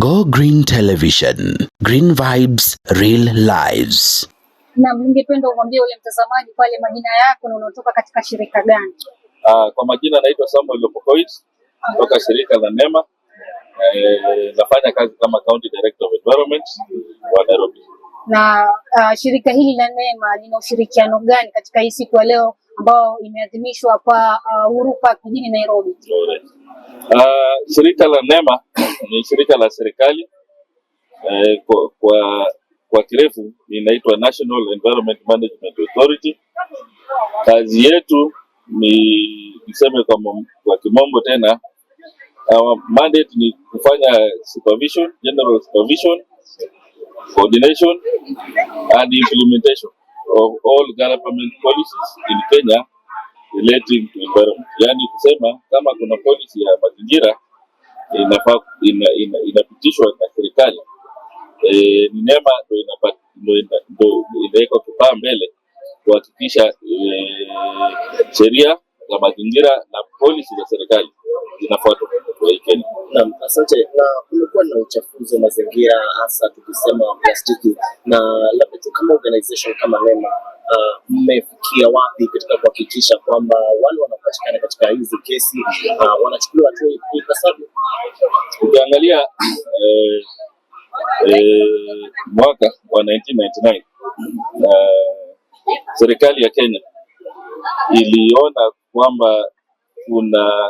Go Green Television. Green Vibes, Real Lives. Na ningependa umwambie ule mtazamaji pale majina yako na unatoka katika shirika gani? Uh, kwa majina naitwa Samuel Lopokoit kutoka shirika la NEMA. Eh, nafanya kazi kama County Director of Environment wa Nairobi. Na uh, shirika hili la NEMA lina ushirikiano gani katika hii siku ya leo ambayo imeadhimishwa kwa ah, Uhuru Park jijini Nairobi? Alright. Uh, shirika la NEMA ni shirika la serikali uh, kwa, kwa, kwa kirefu inaitwa National Environment Management Authority. Kazi yetu ni niseme kwa, kwa kimombo tena uh, mandate ni kufanya supervision, general supervision, coordination and implementation of all government policies in Kenya relating to environment, yaani kusema kama kuna policy ya mazingira inafaa ina, ina, inapitishwa na serikali e, ni NEMA ndo inawekwa kipaa mbele kuhakikisha e, sheria za mazingira na policy za serikali zinafuatwa. Naam, asante. Na kumekuwa na uchafuzi wa mazingira hasa tukisema plastiki, na labda tu kama organization kama NEMA ah, mmefikia uh, wapi katika kuhakikisha kwamba wale wanaopatikana katika hizi kesi uh, wanachukuliwa hatua ipasavyo? Ukiangalia eh, eh, mwaka wa 1999 uh, ah, serikali ya Kenya iliona kwamba kuna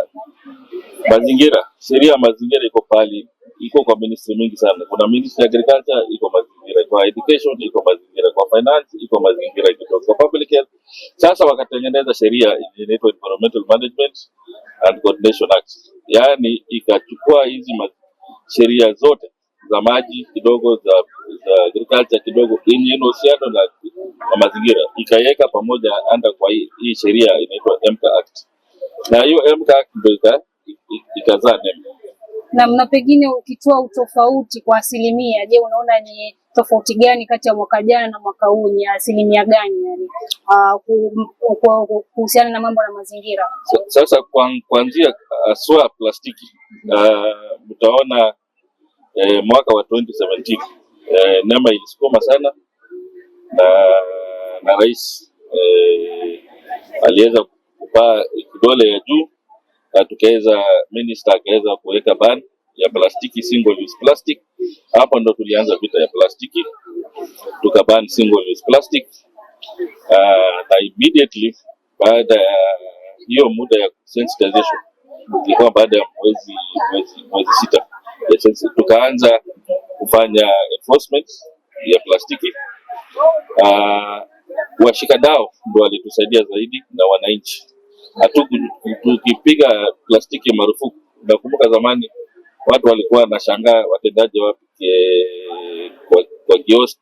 mazingira, sheria ya mazingira iko pale, iko kwa ministry mingi sana. Kuna ministry ya agriculture iko mazingira, kwa education iko mazingira, kwa finance iko mazingira, iko kwa public health. Sasa wakatengeneza sheria inaitwa Environmental Management and Coordination Act, yaani ikachukua hizi sheria zote za maji kidogo za, za agriculture kidogo yenye inahusiano na, na mazingira ikaweka pamoja anda kwa hii, hii sheria inaitwa EMCA Act na hiyo MCAC ndio itazaa na mna pengine ukitoa utofauti kwa asilimia, je, unaona ni tofauti gani kati ya mwaka jana na mwaka huu? Ni asilimia gani yani ah, kuhusiana na mambo na mazingira? Sasa kuanzia ah, swala plastiki, utaona ah, eh, mwaka wa 2017 eh, NEMA ilisukuma sana na, na rais eh, aliweza kupaa kidole ya juu na tukaweza minister akaweza kuweka ban ya plastiki, single use plastic. Hapo ndo tulianza vita ya plastiki, tukaban single use plastic uh, na immediately baada ya hiyo muda ya sensitization ilikuwa baada ya mwezi mwezi mwezi sita sensi, tukaanza kufanya enforcement ya plastiki uh, washikadau ndo walitusaidia zaidi na wananchi tukipiga plastiki marufuku. Nakumbuka zamani watu walikuwa wanashangaa watendaje wapi kwa, kwa kiosk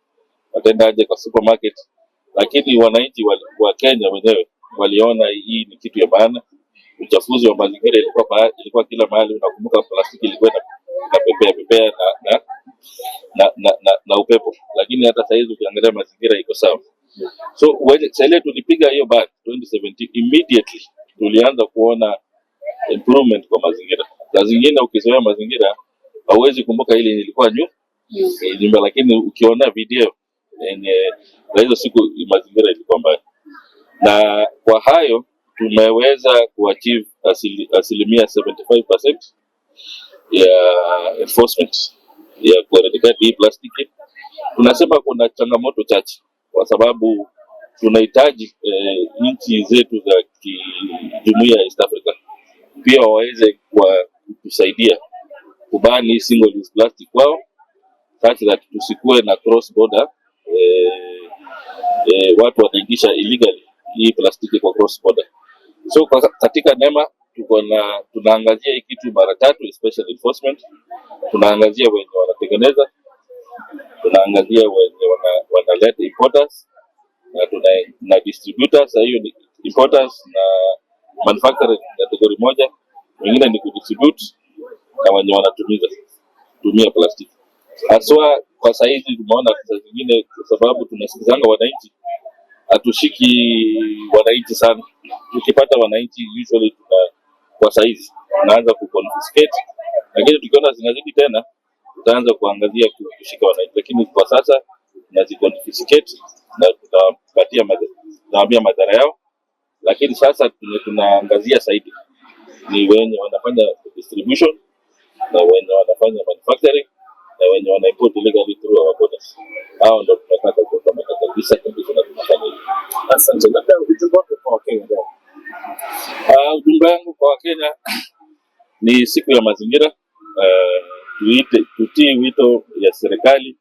watendaje kwa supermarket, lakini wananchi wa Kenya wenyewe waliona hii ni kitu ya maana. Uchafuzi wa mazingira ilikuwa, ilikuwa kila mahali. Unakumbuka plastiki ilikuwa inapepea pepea na, na, na, na, na, na upepo, lakini hata sahizi ukiangalia mazingira iko sawa. So sele tulipiga hiyo back 2017 immediately tulianza kuona improvement kwa mazingira. Saa zingine ukizoea mazingira hauwezi kumbuka ile ilikuwa juu eh, nyumba yes, lakini ukiona video na eh, hizo siku mazingira ilikuwa mbaya, na kwa hayo tumeweza kuachieve asilimia 75% ya enforcement ya kueradicate hii plastiki. Tunasema kuna changamoto chache kwa sababu tunahitaji eh, nchi zetu za jumuiya ya East Africa pia waweze kutusaidia kubani single use plastic kwao such that tusikuwe na cross border eh, eh, watu wanaingisha illegally hii plastiki kwa cross border. So kwa, katika NEMA tuko na tunaangazia hii kitu mara tatu, especially enforcement tunaangazia wenye wanatengeneza tunaangazia wenye wanaleta importers na tuna na distributors. Hiyo ni importers na manufacturer kategori moja, wengine ni kudistribute na wenye wanatumiza tumia plastiki haswa. Kwa saizi tumeona saa zingine, kwa sababu tunasikizanga wananchi, hatushiki wananchi sana. Tukipata wananchi usually tuna kwa saizi tunaanza kuconfiscate, lakini tukiona zinazidi tena tutaanza kuangazia kushika wananchi, lakini kwa sasa tunaziconfiscate na tutapatia tutaambia madhara yao, lakini sasa tunaangazia zaidi ni wenye wanafanya distribution na wenye wanafanya manufacturing na wenye wana import illegally through our borders. Hao ndo tunataka kukamata kabisa kabisa na tunafanya hivi. Asante. Labda ujumbe wako kwa Wakenya. Ah, ujumbe wangu kwa Wakenya ni siku ya mazingira uh, tutii wito ya serikali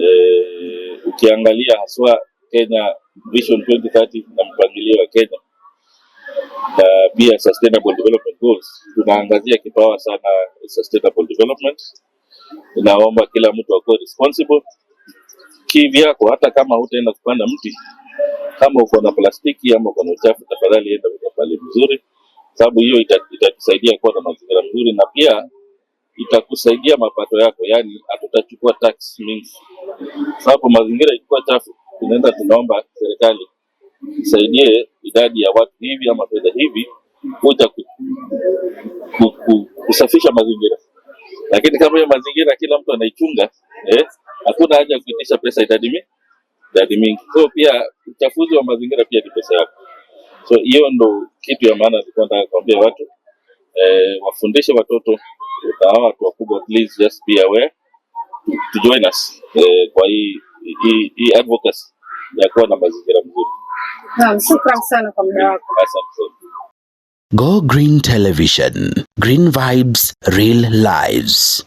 e, ukiangalia haswa Kenya Vision 2030 na mpangilio wa Kenya na pia Sustainable Development Goals, tunaangazia kipawa sana Sustainable Development. Tunaomba kila mtu akuwe responsible kivyako, hata kama hutaenda kupanda mti, kama uko na plastiki ama uko na uchafu, tafadhali enda ukapale vizuri, sababu hiyo itatusaidia kuwa na mazingira mzuri na pia itakusaidia mapato yako, yani hatutachukua tax mingi, sababu mazingira ilikuwa chafu. Tunaenda tunaomba serikali isaidie idadi ya watu hivi ama fedha hivi kuja ku, ku, ku, kusafisha mazingira, lakini kama hiyo mazingira kila mtu anaichunga eh, hakuna haja ya kuitisha pesa idadi idadi mingi. So pia uchafuzi wa mazingira pia ni pesa yako. So hiyo ndo kitu ya maana nilikuwa nataka kuambia watu eh, wafundishe watoto hawa watu wakubwa, please just be aware to join us eh, kwa hii hii hii advocacy ya kuwa na mazingira mzuri. Naam, shukrani sana kwa muda wako. Asante. Go Green Television. Green vibes, real lives.